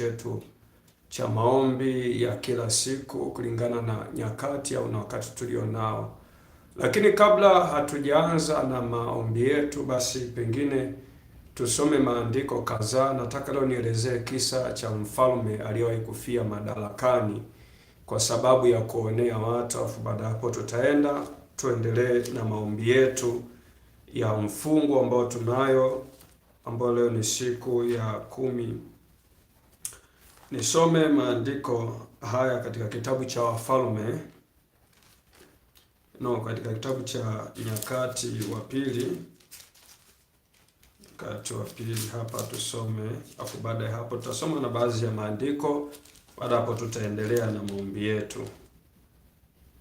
chetu cha maombi ya kila siku kulingana na nyakati au na wakati tulio nao. Lakini kabla hatujaanza na maombi yetu, basi pengine tusome maandiko kadhaa. Nataka leo nielezee kisa cha mfalme aliyewahi kufia madarakani kwa sababu ya kuonea watu, alafu baada hapo tutaenda tuendelee na maombi yetu ya mfungo ambao tunayo, ambayo leo ni siku ya kumi Nisome maandiko haya katika kitabu cha Wafalme, no, katika kitabu cha Nyakati wa Pili, Nyakati wa Pili hapa tusome, afu baada ya hapo tutasoma na baadhi ya maandiko, baada hapo tutaendelea na maombi yetu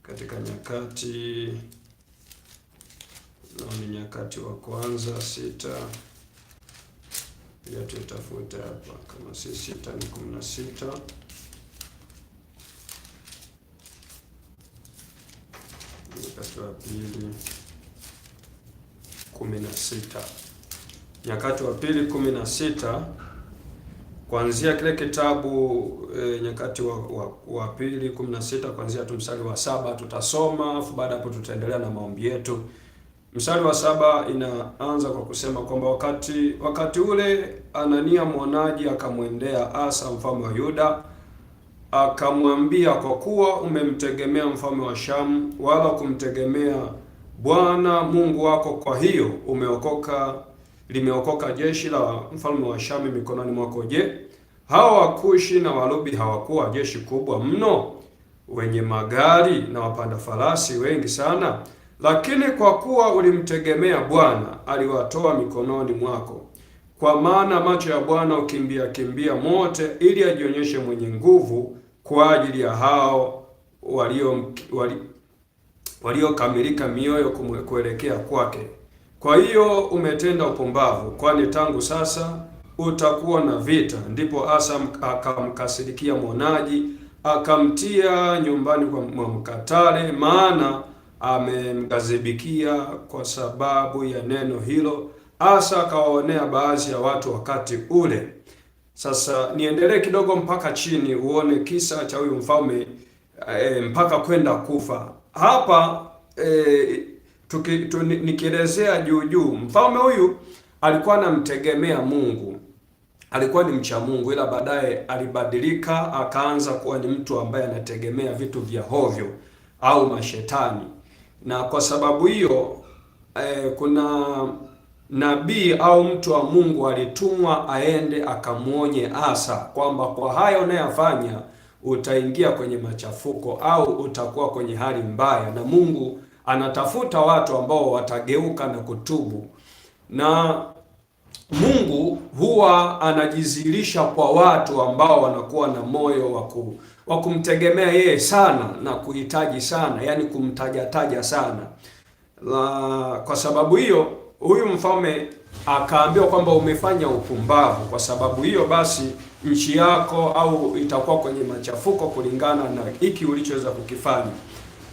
katika Nyakati no, ni Nyakati wa kwanza sita pia tutafuta hapa kama si sita ni kumi na sita wakati wa pili kumi na sita Nyakati wa pili kumi na sita kuanzia kile kitabu e, Nyakati wa, wa, wa pili kumi na sita kuanzia tu mstari wa saba tutasoma, afu baada hapo tutaendelea na maombi yetu. Mstari wa saba inaanza kwa kusema kwamba wakati wakati ule Anania mwonaji akamwendea Asa mfalme wa Yuda akamwambia, kwa kuwa umemtegemea mfalme wa Shamu wala kumtegemea Bwana Mungu wako, kwa hiyo umeokoka, limeokoka jeshi la mfalme wa Shamu mikononi mwako. Je, hawa Wakushi na Walubi hawakuwa jeshi kubwa mno, wenye magari na wapanda farasi wengi sana? Lakini kwa kuwa ulimtegemea Bwana, aliwatoa mikononi mwako. Kwa maana macho ya Bwana ukimbia kimbia mote, ili ajionyeshe mwenye nguvu kwa ajili ya hao walio waliokamilika mioyo kuelekea kwake. Kwa hiyo umetenda upumbavu, kwani tangu sasa utakuwa na vita. Ndipo Asa akamkasirikia mwonaji, akamtia nyumbani kwa mkatale, maana amemgazibikia kwa sababu ya neno hilo, hasa akawaonea baadhi ya watu wakati ule. Sasa niendelee kidogo mpaka chini uone kisa cha huyu mfalme e, mpaka kwenda kufa hapa e, tuki, tu, nikielezea juu juu, mfalme huyu alikuwa anamtegemea Mungu, alikuwa ni mcha Mungu, ila baadaye alibadilika akaanza kuwa ni mtu ambaye anategemea vitu vya hovyo au mashetani na kwa sababu hiyo eh, kuna nabii au mtu wa Mungu alitumwa aende akamwonye Asa kwamba kwa hayo unayofanya utaingia kwenye machafuko au utakuwa kwenye hali mbaya, na Mungu anatafuta watu ambao watageuka na kutubu. Na Mungu huwa anajizilisha kwa watu ambao wanakuwa na moyo wa wa kumtegemea yeye sana na kuhitaji sana, yani kumtajataja sana la. Kwa sababu hiyo huyu mfalme akaambiwa kwamba umefanya upumbavu, kwa sababu hiyo basi nchi yako au itakuwa kwenye machafuko kulingana na hiki ulichoweza kukifanya.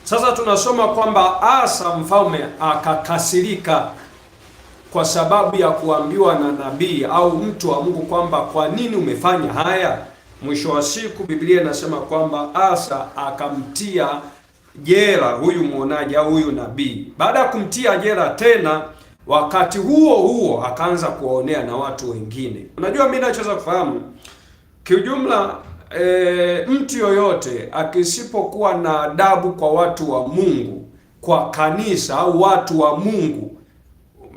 Sasa tunasoma kwamba Asa mfalme akakasirika kwa sababu ya kuambiwa na nabii au mtu wa Mungu kwamba kwa nini umefanya haya Mwisho wa siku Biblia inasema kwamba Asa akamtia jela huyu mwonaji au huyu nabii. Baada ya kumtia jela tena, wakati huo huo akaanza kuwaonea na watu wengine. Unajua, mimi nachoweza kufahamu kiujumla, e, mtu yoyote akisipokuwa na adabu kwa watu wa Mungu, kwa kanisa au watu wa Mungu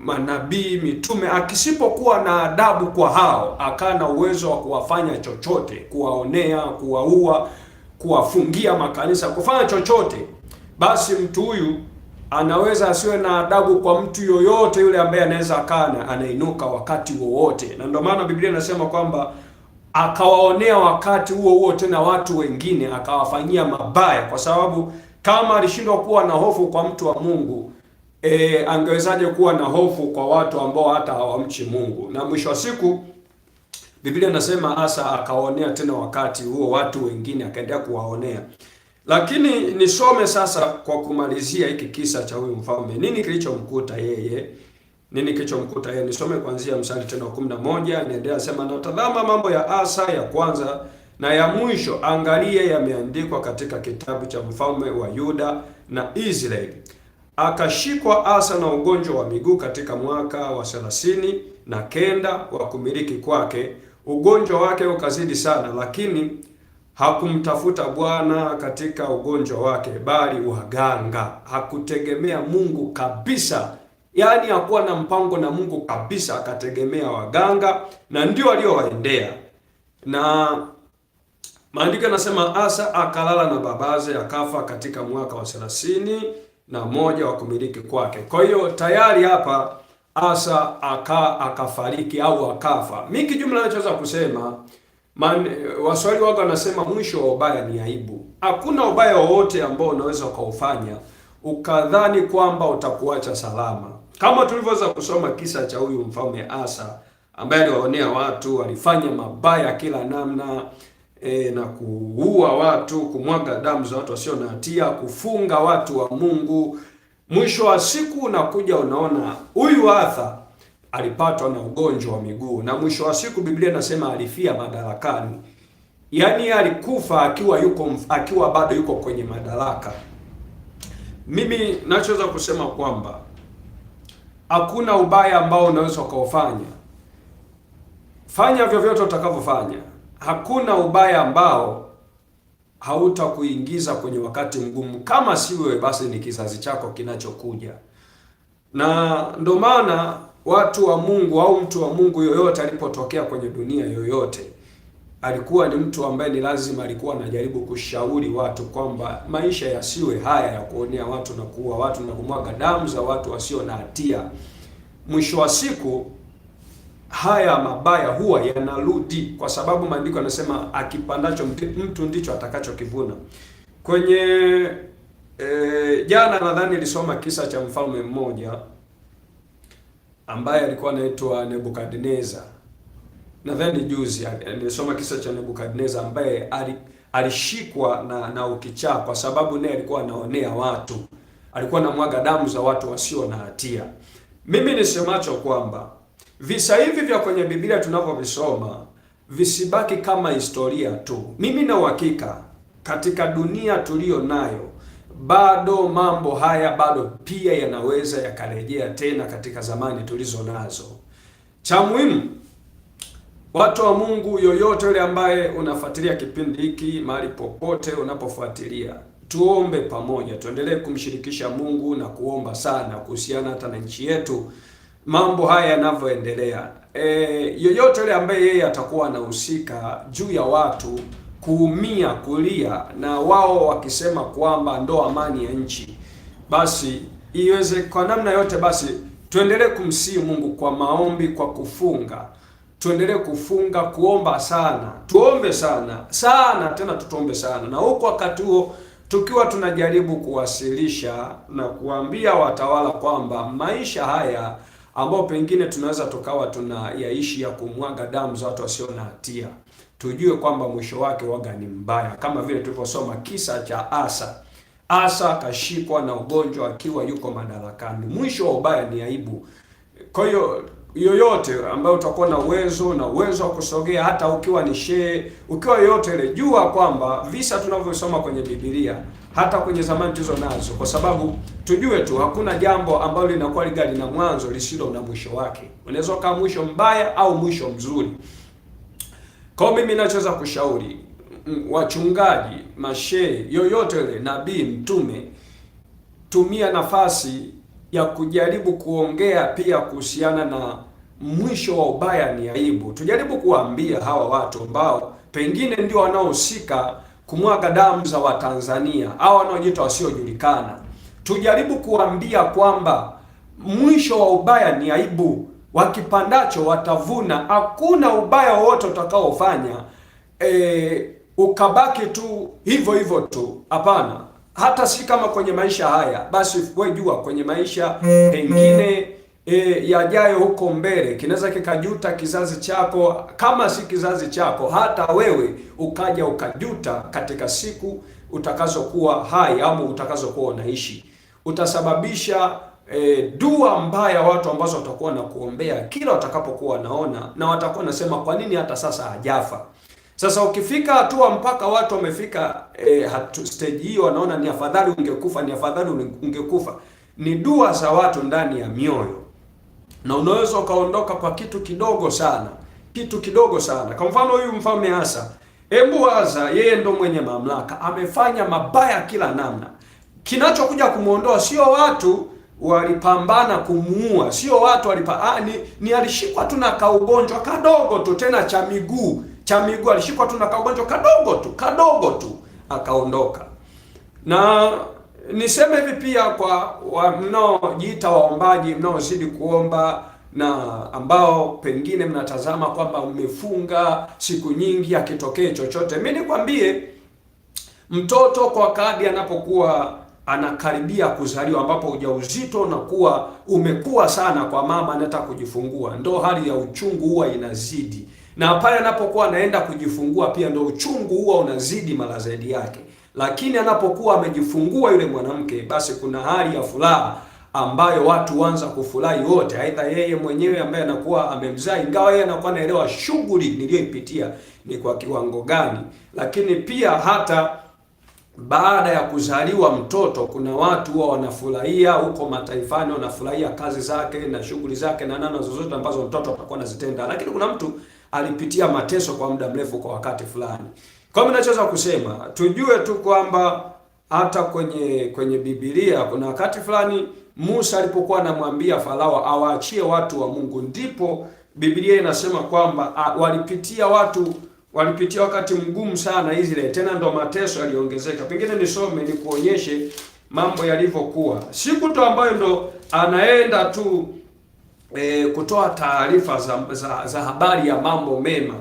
manabii, mitume, akisipokuwa na adabu kwa hao, akaa na uwezo wa kuwafanya chochote, kuwaonea, kuwaua, kuwafungia makanisa, kufanya chochote, basi mtu huyu anaweza asiwe na adabu kwa mtu yoyote yule ambaye anaweza akana anainuka wakati wowote, na ndio maana Biblia inasema kwamba akawaonea wakati huo huo tena watu wengine akawafanyia mabaya, kwa sababu kama alishindwa kuwa na hofu kwa mtu wa Mungu e, angewezaje kuwa na hofu kwa watu ambao hata hawamchi Mungu? Na mwisho wa siku Biblia nasema hasa akaonea tena wakati huo watu wengine, akaendelea kuwaonea. Lakini nisome sasa kwa kumalizia hiki kisa cha huyu mfalme, nini kilichomkuta yeye nini kilichomkuta yeye? Nisome kuanzia mstari tena wa 11, niendelea sema, na tazama mambo ya Asa ya kwanza na ya mwisho, angalia, yameandikwa katika kitabu cha mfalme wa Yuda na Israeli akashikwa Asa na ugonjwa wa miguu katika mwaka wa thelathini na kenda wa kumiliki kwake. Ugonjwa wake ukazidi sana, lakini hakumtafuta Bwana katika ugonjwa wake, bali waganga. Hakutegemea Mungu kabisa, yaani hakuwa na mpango na Mungu kabisa, akategemea waganga na ndio aliyowaendea. Na maandiko yanasema Asa akalala na babaze, akafa katika mwaka wa thelathini na moja wa kumiliki kwake. Kwa hiyo tayari hapa Asa aka akafariki au akafa. Mimi kijumla nachoweza kusema man, Waswahili wako wanasema mwisho wa ubaya ni aibu. Hakuna ubaya wowote ambao unaweza ukaufanya ukadhani kwamba utakuacha salama, kama tulivyoweza kusoma kisa cha huyu mfalme Asa ambaye aliwaonea watu, alifanya mabaya kila namna e, na kuua watu, kumwaga damu za watu wasio na hatia, kufunga watu wa Mungu. Mwisho wa siku unakuja unaona huyu Arthur alipatwa na ugonjwa wa miguu, na mwisho wa siku Biblia inasema alifia madarakani. Yaani alikufa akiwa yuko akiwa bado yuko kwenye madaraka. Mimi nachoweza kusema kwamba hakuna ubaya ambao unaweza ukaufanya. Fanya vyovyote utakavyofanya, hakuna ubaya ambao hautakuingiza kwenye wakati mgumu, kama si wewe basi ni kizazi chako kinachokuja. Na ndo maana watu wa Mungu au mtu wa Mungu yoyote alipotokea kwenye dunia yoyote alikuwa ni mtu ambaye ni lazima alikuwa anajaribu kushauri watu kwamba maisha yasiwe haya ya kuonea watu na kuua watu na kumwaga damu za watu wasio na hatia. Mwisho wa siku haya mabaya huwa yanarudi, kwa sababu maandiko yanasema akipandacho mtu ndicho atakachokivuna. Kwenye e, jana nadhani nilisoma kisa cha mfalme mmoja ambaye alikuwa anaitwa Nebukadneza. Nadhani juzi nilisoma kisa cha Nebukadneza ambaye alishikwa na, na ukichaa kwa sababu naye alikuwa anaonea watu, alikuwa anamwaga damu za watu wasio na hatia. Mimi nisemacho kwamba visa hivi vya kwenye Biblia tunavyovisoma visibaki kama historia tu. Mimi na uhakika katika dunia tuliyo nayo bado mambo haya bado pia yanaweza yakarejea tena katika zamani tulizo nazo. Cha muhimu watu wa Mungu, yoyote yule ambaye unafuatilia kipindi hiki, mahali popote unapofuatilia, tuombe pamoja, tuendelee kumshirikisha Mungu na kuomba sana kuhusiana hata na nchi yetu mambo haya yanavyoendelea. E, yoyote yule ambaye yeye atakuwa anahusika juu ya watu kuumia, kulia na wao wakisema kwamba ndo amani ya nchi, basi iweze kwa namna yote, basi tuendelee kumsihi Mungu kwa maombi, kwa kufunga tuendelee kufunga, kuomba sana, tuombe sana sana tena, tutuombe sana, na huku wakati huo tukiwa tunajaribu kuwasilisha na kuambia watawala kwamba maisha haya ambao pengine tunaweza tukawa yaishi ya kumwaga damu za watu wasio na hatia, tujue kwamba mwisho wake waga ni mbaya, kama vile tulivyosoma kisa cha Asa. Asa akashikwa na ugonjwa akiwa yuko madarakani. Mwisho wa ubaya ni aibu. Kwa hiyo yoyote ambayo utakuwa na uwezo na uwezo wa kusogea, hata ukiwa ni shehe, ukiwa yoyote ile, jua kwamba visa tunavyosoma kwenye Biblia hata kwenye zamani tulizo nazo, kwa sababu tujue tu hakuna jambo ambalo linakuwa ligali na mwanzo lisilo na mwisho wake. Unaweza ukawa mwisho mbaya au mwisho mzuri. Kwa mimi ninachoweza kushauri mm, wachungaji, mashehe, yoyote ile, nabii, mtume, tumia nafasi ya kujaribu kuongea pia kuhusiana na mwisho wa ubaya ni aibu. Tujaribu kuwaambia hawa watu ambao pengine ndio wanaohusika kumwaga damu za Watanzania au wanaojiita wasiojulikana, tujaribu kuwaambia kwamba mwisho wa ubaya ni aibu, wakipandacho watavuna. Hakuna ubaya wowote utakaofanya e, ukabaki tu hivyo hivyo tu, hapana hata si kama kwenye maisha haya, basi wewe jua kwenye maisha mm-hmm. pengine e, yajayo huko mbele, kinaweza kikajuta kizazi chako, kama si kizazi chako, hata wewe ukaja ukajuta katika siku utakazokuwa hai au utakazokuwa unaishi, utasababisha E, dua mbaya watu ambazo watakuwa na kuombea kila watakapokuwa wanaona, na watakuwa nasema kwa nini hata sasa hajafa? Sasa ukifika hatua mpaka watu wamefika e, hatu, stage hiyo wanaona ni afadhali ungekufa, ni afadhali ungekufa, ni dua za watu ndani ya mioyo, na unaweza ukaondoka kwa kitu kidogo sana, kitu kidogo sana. Kwa mfano huyu mfalme hasa, hebu waza, yeye ndo mwenye mamlaka, amefanya mabaya kila namna. Kinachokuja kumwondoa sio watu walipambana kumuua, sio watu walipa, ah, ni, ni alishikwa tu na kaugonjwa kadogo tu tena cha miguu cha miguu, alishikwa tu na kaugonjwa kadogo tu kadogo tu akaondoka. Na niseme hivi pia kwa mnaojiita waombaji, mnaozidi kuomba na ambao pengine mnatazama kwamba mmefunga siku nyingi, akitokee chochote, mi nikwambie, mtoto kwa kadi anapokuwa anakaribia kuzaliwa, ambapo ujauzito unakuwa umekuwa sana kwa mama anataka kujifungua, ndo hali ya uchungu huwa inazidi na pale anapokuwa anaenda kujifungua pia ndio uchungu huwa unazidi mara zaidi yake, lakini anapokuwa amejifungua yule mwanamke, basi kuna hali ya furaha ambayo watu huanza kufurahi wote, aidha yeye mwenyewe ambaye anakuwa amemzaa, ingawa yeye anakuwa anaelewa shughuli niliyoipitia ni kwa kiwango gani, lakini pia hata baada ya kuzaliwa mtoto kuna watu huwa wanafurahia huko mataifani, wanafurahia kazi zake na shughuli zake na nana zozote ambazo mtoto atakuwa anazitenda, lakini kuna mtu alipitia mateso kwa muda mrefu kwa wakati fulani. Kwa hiyo ninachoweza kusema tujue tu kwamba hata kwenye kwenye Biblia kuna wakati fulani Musa alipokuwa anamwambia Farao awaachie watu wa Mungu, ndipo Biblia inasema kwamba walipitia watu walipitia wakati mgumu sana Israeli, tena ndo mateso yaliongezeka. Pengine nisome nikuonyeshe mambo yalivyokuwa siku tu ambayo ndo anaenda tu e, kutoa taarifa za, za, za habari ya mambo mema.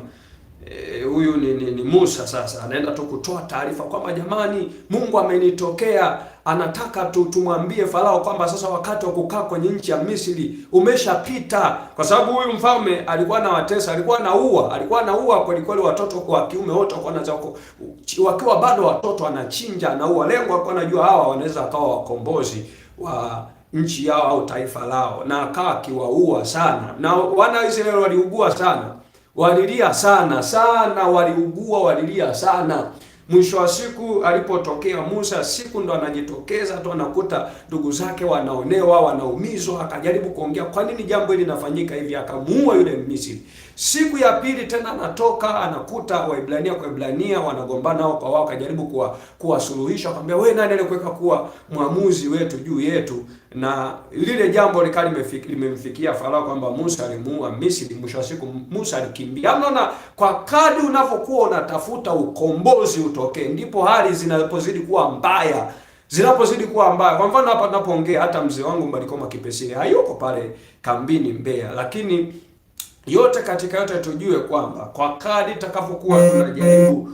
E, huyu E, ni, ni, ni Musa sasa anaenda tu kutoa taarifa kwamba jamani, Mungu amenitokea, anataka tu tumwambie Farao kwamba sasa wakati wa kukaa kwenye nchi ya Misri umeshapita, kwa sababu huyu mfalme alikuwa na watesa, alikuwa na anaua, alikuwa na anaua kweli kweli, watoto kwa kiume wote na zako, wakiwa bado watoto, anachinja, na anaua. Lengo alikuwa anajua hawa wanaweza akawa wakombozi wa nchi yao au taifa lao, na akawa akiwaua sana, na wana Israeli waliugua sana, walilia sana sana, waliugua walilia sana. Mwisho wa siku alipotokea Musa, siku ndo anajitokeza tu, anakuta ndugu zake wanaonewa, wanaumizwa, akajaribu kuongea, kwa nini jambo hili linafanyika hivi? Akamuua yule Mmisri. Siku ya pili tena anatoka anakuta Waibrania kwa Waibrania wanagombana wao kwa wao, akajaribu kuwa kuwasuluhisha, akamwambia wewe nani aliyekuweka kuwa mwamuzi wetu juu yetu? Na lile jambo likali limemfikia Farao kwamba Musa alimuua Misri. Mwisho wa siku Musa alikimbia. Unaona, kwa kadi unavyokuwa unatafuta ukombozi utokee, ndipo hali zinapozidi kuwa mbaya zinapozidi kuwa mbaya. Kwa mfano hapa tunapoongea, hata mzee wangu Mbarikoma Kipesile hayuko pale kambini Mbeya, lakini yote katika yote tujue kwamba kwa kadi takapokuwa tunajaribu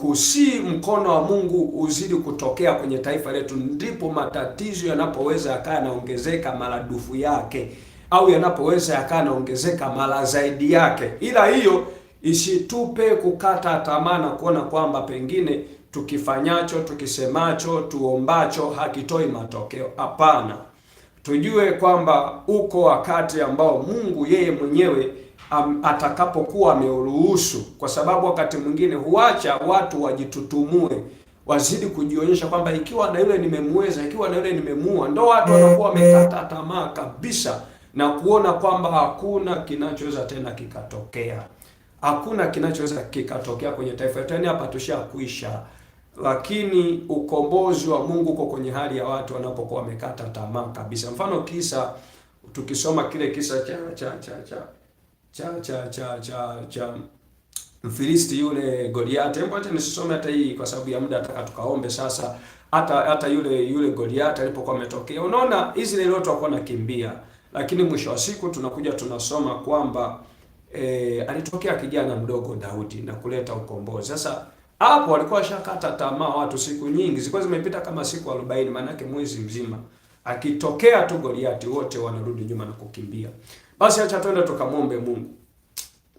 kusii mkono wa Mungu uzidi kutokea kwenye taifa letu, ndipo matatizo yanapoweza yakaa yanaongezeka maradufu yake, au yanapoweza yakaa yanaongezeka mara zaidi yake. Ila hiyo isitupe kukata tamaa na kuona kwamba pengine tukifanyacho, tukisemacho, tuombacho hakitoi matokeo. Hapana tujue kwamba uko wakati ambao Mungu yeye mwenyewe atakapokuwa ameuruhusu, kwa sababu wakati mwingine huacha watu wajitutumue, wazidi kujionyesha kwamba ikiwa na yule nimemweza, ikiwa na yule nimemuua, ndo watu wanakuwa wamekata tamaa kabisa na kuona kwamba hakuna kinachoweza tena kikatokea, hakuna kinachoweza kikatokea kwenye taifa letu. Yaani hapa tushakuisha lakini ukombozi wa Mungu uko kwenye hali ya watu wanapokuwa wamekata tamaa kabisa. Mfano kisa tukisoma kile kisa cha cha cha cha cha cha cha cha, cha Mfilisti yule Goliath. Hebu acha nisisome hata hii kwa sababu ya muda, nataka tukaombe sasa. Hata hata yule yule Goliath alipokuwa ametokea, unaona Israeli wote wako nakimbia, lakini mwisho wa siku tunakuja tunasoma kwamba e, alitokea kijana mdogo Daudi na kuleta ukombozi sasa hapo walikuwa washakata tamaa watu, siku nyingi zilikuwa zimepita kama siku 40, maana yake mwezi mzima. Akitokea tu Goliati wote wanarudi nyuma na kukimbia. Basi acha twende tukamwombe Mungu.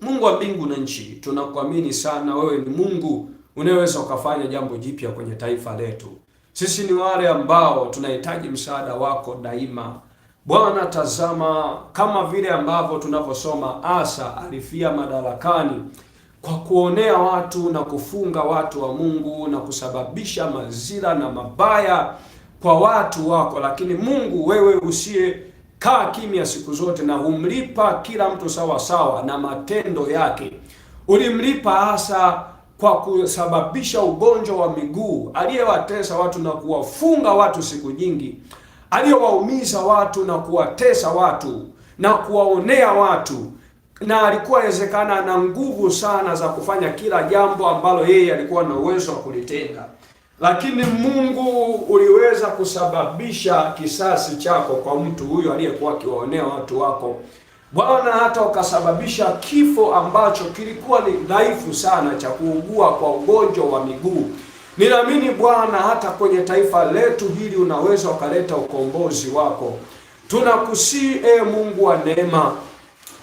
Mungu wa mbingu na nchi, tunakuamini sana, wewe ni Mungu unayeweza ukafanya jambo jipya kwenye taifa letu. Sisi ni wale ambao tunahitaji msaada wako daima. Bwana, tazama kama vile ambavyo tunavyosoma Asa alifia madarakani kwa kuonea watu na kufunga watu wa Mungu na kusababisha mazira na mabaya kwa watu wako. Lakini Mungu wewe usiye kaa kimya siku zote na humlipa kila mtu sawa sawa na matendo yake, ulimlipa hasa kwa kusababisha ugonjwa wa miguu, aliyewatesa watu na kuwafunga watu siku nyingi, aliyewaumiza watu na kuwatesa watu na kuwaonea watu na alikuwa awezekana na nguvu sana za kufanya kila jambo ambalo yeye alikuwa na uwezo wa kulitenda, lakini Mungu uliweza kusababisha kisasi chako kwa mtu huyo aliyekuwa akiwaonea watu wako Bwana, hata ukasababisha kifo ambacho kilikuwa ni dhaifu sana cha kuugua kwa ugonjwa wa miguu. Ninaamini Bwana, hata kwenye taifa letu hili unaweza ukaleta ukombozi wako. Tunakusii e Mungu wa neema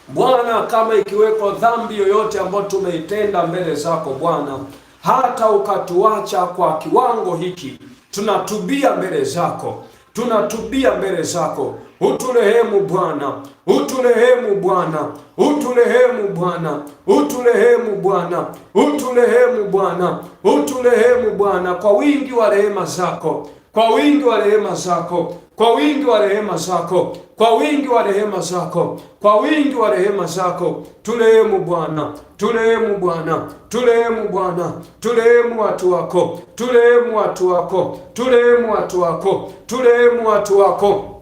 Bwana, kama ikiweko dhambi yoyote ambayo tumeitenda mbele zako Bwana, hata ukatuacha kwa kiwango hiki, tunatubia mbele zako, tunatubia mbele zako. Uturehemu Bwana, uturehemu Bwana, uturehemu Bwana, uturehemu Bwana, uturehemu Bwana, uturehemu Bwana, kwa wingi wa rehema zako, kwa wingi wa rehema zako, kwa wingi wa rehema zako kwa wingi wa rehema zako, kwa wingi wa rehema zako turehemu Bwana, turehemu Bwana, turehemu Bwana, turehemu watu wako, turehemu watu wako, turehemu watu wako, turehemu watu wako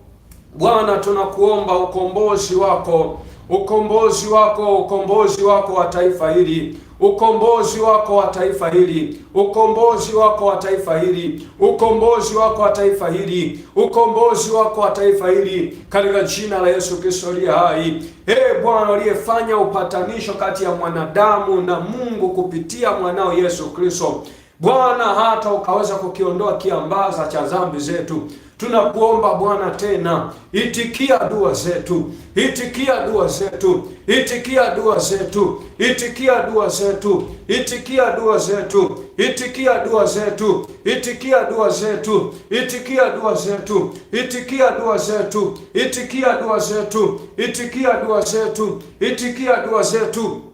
Bwana, tunakuomba ukombozi wako, ukombozi wako, ukombozi wako wa taifa hili ukombozi wako wa taifa hili, ukombozi wako wa taifa hili, ukombozi wako wa taifa hili, ukombozi wako wa taifa hili, katika jina la Yesu Kristo aliye hai. Ee Bwana uliyefanya upatanisho kati ya mwanadamu na Mungu kupitia mwanao Yesu Kristo, Bwana hata ukaweza kukiondoa kiambaza cha dhambi zetu Tunakuomba Bwana tena, itikia dua zetu, itikia dua zetu, itikia dua zetu, itikia dua zetu, itikia dua zetu, itikia dua zetu, itikia dua zetu, itikia dua zetu, itikia dua zetu, itikia dua zetu, itikia dua zetu, itikia dua zetu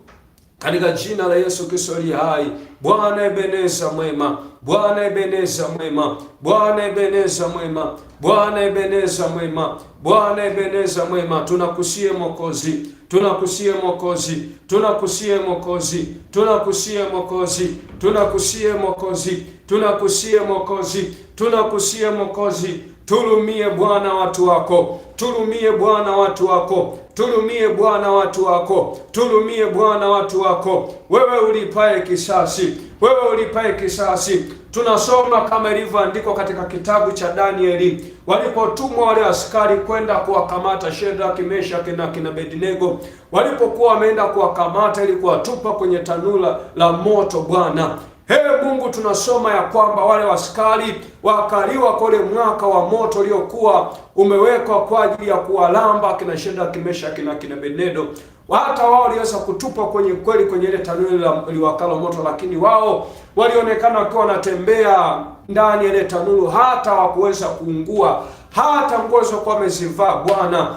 katika jina la Yesu Kristo aliye hai. Bwana Ebeneza mwema, Bwana Ebeneza mwema, Bwana Ebeneza mwema, Bwana Ebeneza mwema, Bwana Ebeneza mwema. Tunakusie Mwokozi, tunakusie Mwokozi, tunakusie Mwokozi, tunakusie Mwokozi, tunakusie Mwokozi, tunakusie Mwokozi, tunakusie Mwokozi Tulumie Bwana watu wako, tulumie Bwana watu wako, tulumie Bwana watu wako, tulumie Bwana watu wako, wewe ulipaye kisasi, wewe ulipaye kisasi. Tunasoma kama ilivyoandikwa katika kitabu cha Danieli, walipotumwa wale askari kwenda kuwakamata Shadraka, Meshaki na kina Abednego, walipokuwa wameenda kuwakamata ili kuwatupa kwenye tanula la moto, Bwana Ee Mungu tunasoma ya kwamba wale askari wakaliwa kule mwaka wa moto uliokuwa umewekwa kwa ajili ya kuwalamba kina Shenda kimesha kina kina Benedo, hata wao waliweza kutupwa kwenye kweli kwenye ile tanuru liwakalo moto, lakini wao walionekana wakiwa wanatembea ndani ya ile tanuru, hata hawakuweza kuungua, hata nguo zilizokuwa wamezivaa Bwana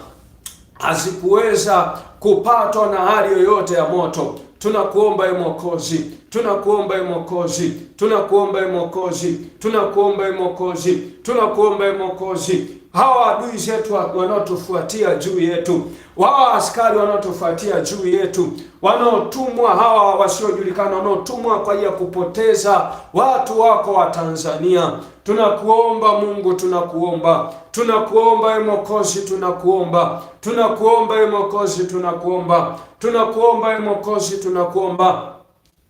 hazikuweza kupatwa na hali yoyote ya moto tunakuomba e Mwokozi, tunakuomba e Mwokozi, tunakuomba e Mwokozi, tunakuomba e Mwokozi, tunakuomba e Mwokozi hawa adui zetu wanaotufuatia juu yetu, hawa askari wanaotufuatia juu yetu, wanaotumwa hawa wasiojulikana, wanaotumwa kwa ajili ya kupoteza watu wako wa Tanzania. Tunakuomba Mungu, tunakuomba, tunakuomba e Mwokozi, tunakuomba, tunakuomba e Mwokozi, tunakuomba, tunakuomba e Mwokozi, tunakuomba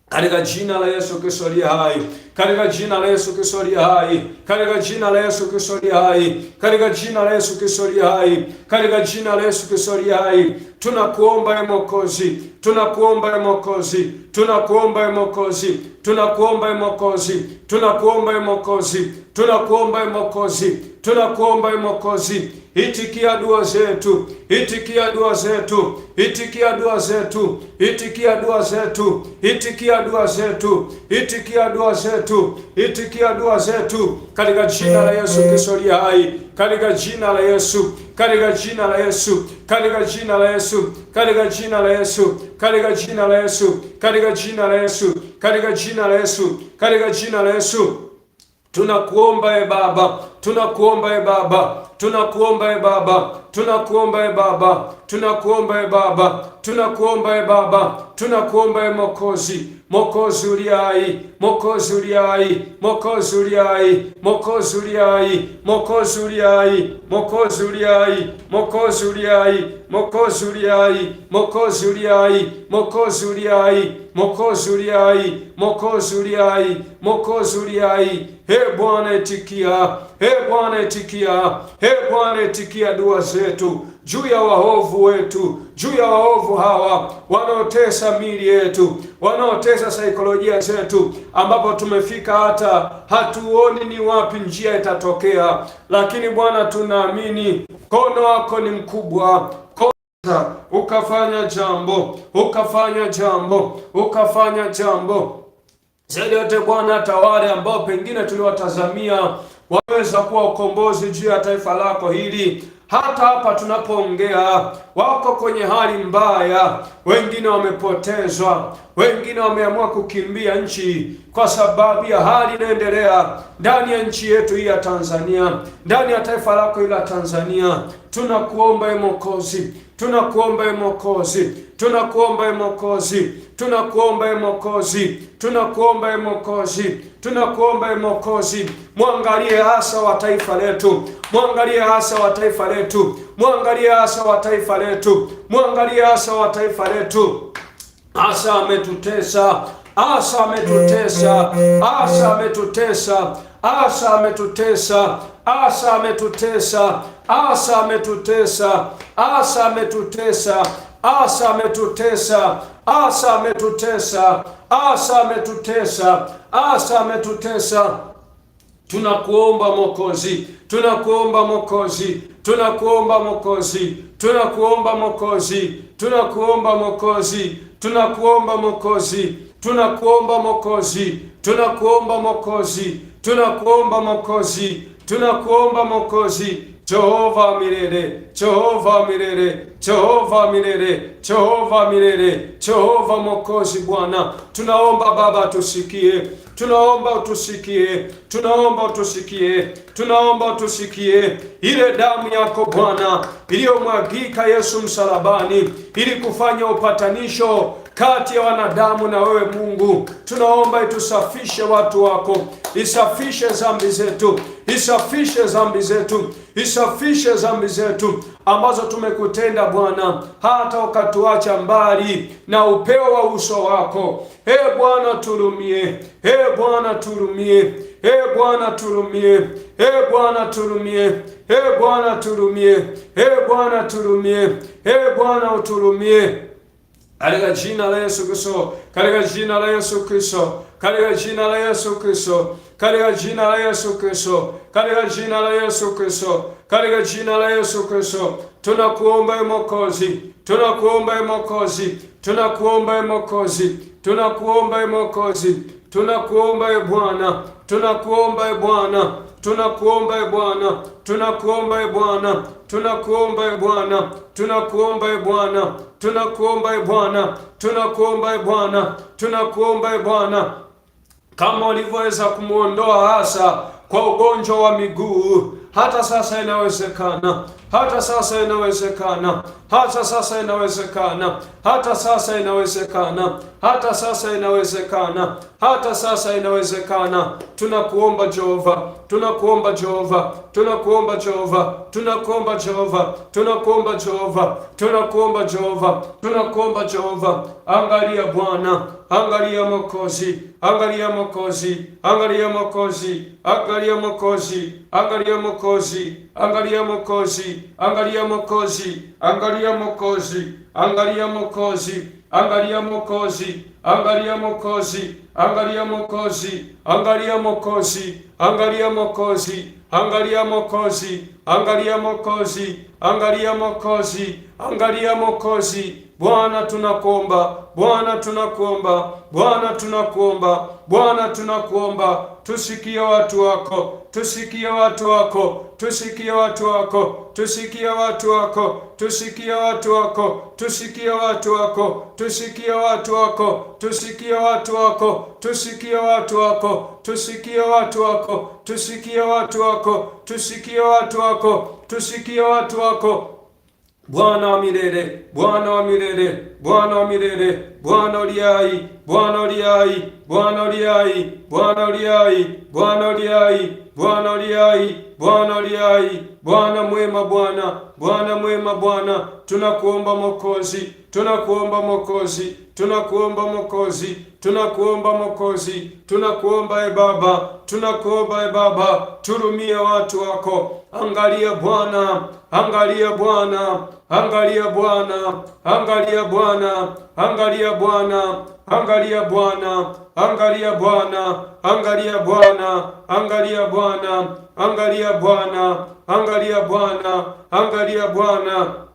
katika jina la Yesu Kristo aliye hai. Katika jina la Yesu Kristo aliye hai. Katika jina la Yesu Kristo aliye hai. Katika jina la Yesu Kristo aliye hai. Katika jina la Yesu Kristo aliye hai. Tunakuomba, e Mwokozi, tunakuomba e Mwokozi, tunakuomba e Mwokozi, tunakuomba e Mwokozi, tunakuomba Mwokozi, tunakuomba Mwokozi, tunakuomba Mwokozi, itikia dua zetu, itikia dua zetu, itikia dua zetu, itikia dua zetu, itikia dua zetu, itikia dua zetu, itikia dua zetu, katika jina la Yesu Kristo aliye hai, katika jina la Yesu, katika jina la Yesu, katika jina la Yesu, katika jina la Yesu katika jina la Yesu, katika jina la Yesu, katika jina la Yesu, katika jina la Yesu. Tunakuomba e Baba, tunakuomba e Baba tunakuomba e Baba, tunakuomba e Baba, tunakuomba e Baba, tunakuomba e Baba, tunakuomba e Mokozi, Mokozi uliai, Mokozi uliai, Mokozi uliai, Mokozi uliai, Mokozi uliai, Mokozi uliai, Mokozi uliai, Mokozi uliai, Mokozi uliai, Mokozi uliai, Mokozi uliai, Mokozi uliai, Mokozi uliai, he Bwana itikia He Bwana, itikia. He Bwana, itikia dua zetu juu ya waovu wetu, juu ya waovu hawa wanaotesa miili yetu, wanaotesa saikolojia zetu, ambapo tumefika hata hatuoni ni wapi njia itatokea. Lakini Bwana, tunaamini mkono wako ni mkubwa ukafanya jambo ukafanya jambo ukafanya jambo zaidi yote Bwana, hata wale ambao pengine tuliwatazamia waweza kuwa ukombozi juu ya taifa lako hili. Hata hapa tunapoongea, wako kwenye hali mbaya, wengine wamepotezwa, wengine wameamua kukimbia nchi kwa sababu ya hali inaendelea ndani ya nchi yetu hii ya Tanzania, ndani ya taifa lako hili la Tanzania. Tunakuomba Mwokozi Tunakuomba e Mwokozi, tunakuomba e Mwokozi, tunakuomba e Mwokozi, tunakuomba e Mwokozi, tunakuomba e Mwokozi, mwangalie hasa wa taifa letu, mwangalie hasa wa taifa letu, mwangalie hasa wa taifa letu, mwangalie hasa wa taifa letu. Hasa ametutesa, hasa ametutesa, hasa ametutesa, hasa ametutesa, hasa ametutesa Asa ametutesa, Asa ametutesa, Asa ametutesa, Asa ametutesa, Asa ametutesa, Asa ametutesa. Tunakuomba Mwokozi, tunakuomba Mwokozi, tunakuomba Mwokozi, tunakuomba Mwokozi, tunakuomba Mwokozi, tunakuomba Mwokozi, tunakuomba Mwokozi, tunakuomba Mwokozi, tunakuomba Mwokozi, tunakuomba Mwokozi Jehova milele, Jehova milele, Jehova milele, Jehova milele, Jehova Mwokozi Bwana, tunaomba Baba tusikie, tunaomba utusikie, tunaomba utusikie, tunaomba utusikie. Ile damu yako Bwana iliyomwagika Yesu msalabani ili kufanya upatanisho kati ya wanadamu na wewe Mungu. Tunaomba itusafishe watu wako, isafishe dhambi zetu, isafishe dhambi zetu, isafishe dhambi zetu ambazo tumekutenda Bwana, hata ukatuacha mbali na upeo wa uso wako. E Bwana turumie, e Bwana turumie, e Bwana turumie, e Bwana turumie, e Bwana turumie, e Bwana turumie, e Bwana uturumie. Katika jina la Yesu Kristo, katika jina la Yesu Kristo, katika jina la Yesu Kristo, katika jina la Yesu Kristo, katika jina la Yesu Kristo, katika jina la Yesu Kristo, tunakuomba e Mwokozi, tunakuomba e Mwokozi, tunakuomba e Mwokozi, tunakuomba Mwokozi, tunakuomba Bwana, tunakuomba Bwana tunakuomba e Bwana, tunakuomba e Bwana, tunakuomba e Bwana, tunakuomba e Bwana, tunakuomba e Bwana, tunakuomba e Bwana, tunakuomba e Bwana, kama ulivyoweza kumwondoa hasa kwa ugonjwa wa miguu, hata sasa inawezekana hata sasa inawezekana, hata sasa inawezekana, hata sasa inawezekana, hata sasa inawezekana, hata sasa inawezekana. Tunakuomba Jehova, tunakuomba Jehova, tunakuomba Jehova, tunakuomba Jehova, tunakuomba Jehova, tunakuomba Jehova, tunakuomba Jehova. Angalia Bwana, angalia mokozi angalia mokozi angalia mokozi angalia mokozi angalia mokozi angalia mokozi angalia Mokozi, angalia Mokozi, angalia Mokozi, angalia Mokozi, angalia Mokozi, angalia Mokozi, angalia Mokozi, angalia Mokozi, angalia Mokozi, angalia Mokozi, angalia Mokozi, angalia Mokozi. Bwana tunakuomba, Bwana tunakuomba, Bwana tunakuomba, Bwana tunakuomba tusikie watu wako, tusikie watu wako, tusikie watu wako, tusikie watu wako, tusikie watu wako, tusikie watu wako, tusikie watu wako, tusikie watu wako, tusikie watu wako, tusikie watu wako, tusikie watu wako, tusikie watu wako, tusikie watu wako Bwana wa milele, Bwana wa milele, Bwana wa milele, Bwana uliai, Bwana uliai, Bwana uliai, Bwana uliai, Bwana uliai, Bwana uliai, Bwana uliai, Bwana mwema, Bwana, Bwana mwema, Bwana, tunakuomba Mwokozi, tunakuomba Mwokozi tunakuomba Mokozi, tunakuomba Mokozi, tunakuomba e Baba, tunakuomba e Baba, turumia watu wako. Angalia Bwana, angalia Bwana, angalia Bwana, angalia Bwana, angalia Bwana, angalia Bwana, angalia Bwana, angalia Bwana, angalia Bwana, angalia Bwana, angalia Bwana, angalia Bwana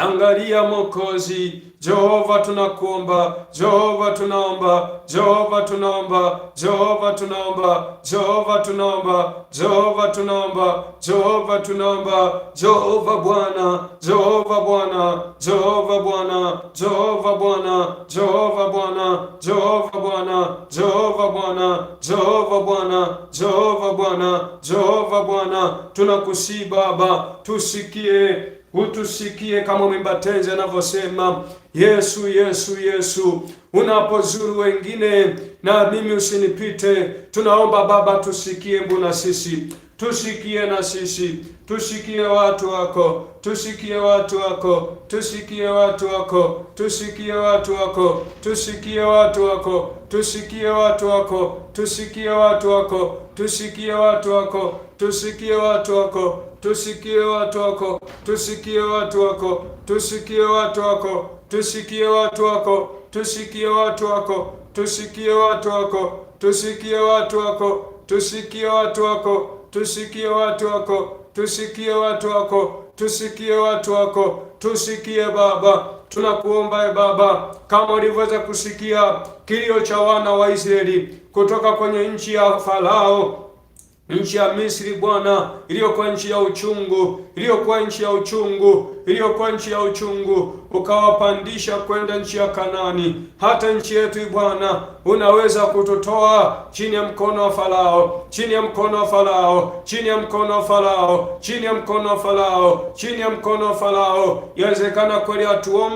Angalia Mwokozi Jehova, tunakuomba Jehova, tunaomba Jehova, tunaomba Jehova, tunaomba Jehova, tunaomba Jehova, tunaomba Jehova, tunaomba Jehova Bwana, Jehova Bwana, Jehova Bwana, Jehova Bwana, Jehova Bwana, Jehova Bwana, Jehova Bwana, Jehova Bwana, Jehova Bwana, Jehova Bwana, tunakusii Baba, tusikie utusikie kama mwimbatizaji anavyosema, Yesu, Yesu, Yesu, unapozuru wengine na mimi usinipite. Tunaomba Baba, tusikie na sisi tusikie na sisi, tusikie watu wako, tusikie watu wako, tusikie watu wako, tusikie watu wako, tusikie watu wako tusikie watu wako, tusikie watu wako, tusikie watu wako, tusikie watu wako, tusikie watu wako, tusikie watu wako, tusikie watu wako, tusikie watu wako, tusikie watu wako, tusikie watu wako, tusikie watu wako, tusikie watu wako, tusikie watu wako, tusikie watu wako, tusikie watu wako, tusikie Baba tunakuomba e Baba, kama ulivyoweza kusikia kilio cha wana wa Israeli kutoka kwenye nchi ya Farao nchi ya Misri Bwana, iliyokuwa nchi ya uchungu, iliyokuwa nchi ya uchungu, iliyokuwa nchi ya uchungu, ukawapandisha kwenda nchi ya Kanani. Hata nchi yetu Bwana, unaweza kututoa chini ya mkono wa Farao, chini ya mkono wa Farao, chini ya mkono wa Farao, chini ya mkono wa Farao, chini ya mkono wa Farao. Yawezekana kweli hatuombi